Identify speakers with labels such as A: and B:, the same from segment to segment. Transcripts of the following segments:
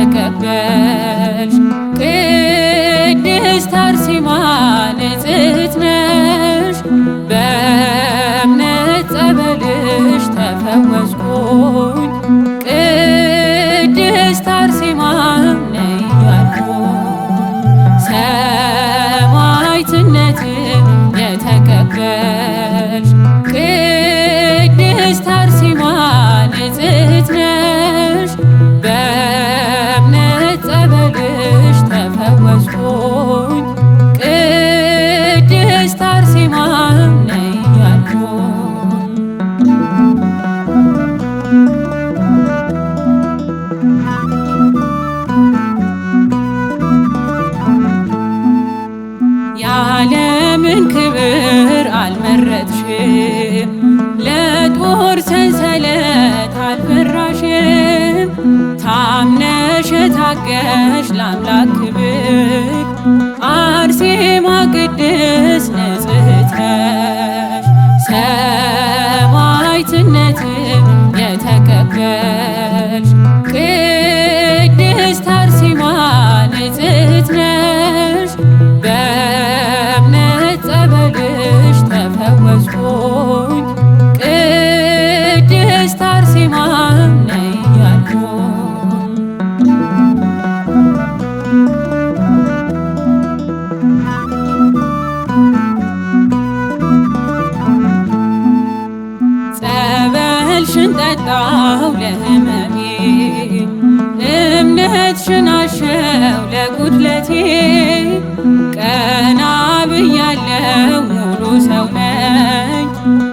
A: Kakak
B: ሰንሰለት አልፈራሽም ታምነሽ የታገሽ ለአምላክ ክብር አርሴማ ቅድስት ንጽሕተሽ ሰማዕትነትም የተቀበል
C: ደምሽን ጠጣው ለህመሜ፣ እምነትሽን አሸው ለጉድለቴ። ቀና ብያለው ሙሉ ሰው ነኝ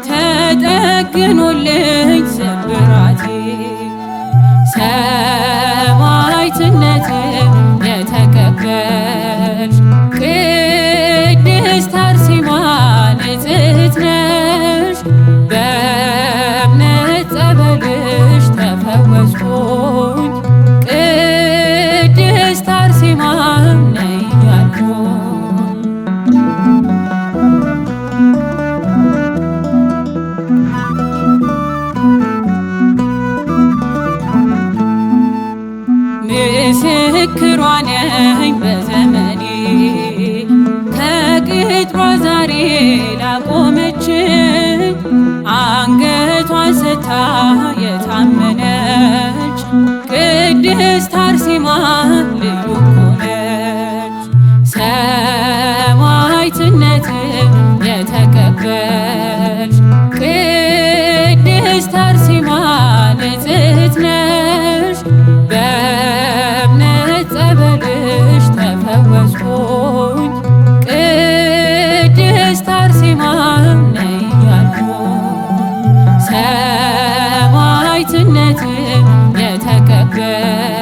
C: ተጠግኖልኝ ስብራቴ። ሰማዕትነት የተቀበል
D: የታመነች ቅድስት አርሴማ ልዩ ነች። ሰማዕትነት የተቀበልሽ ቅድስት አርሴማ ንጽሕት ነሽ። በእምነት ጸበልሽ ቅድስት አርሴማ ነይ በጌትነት የተከበረ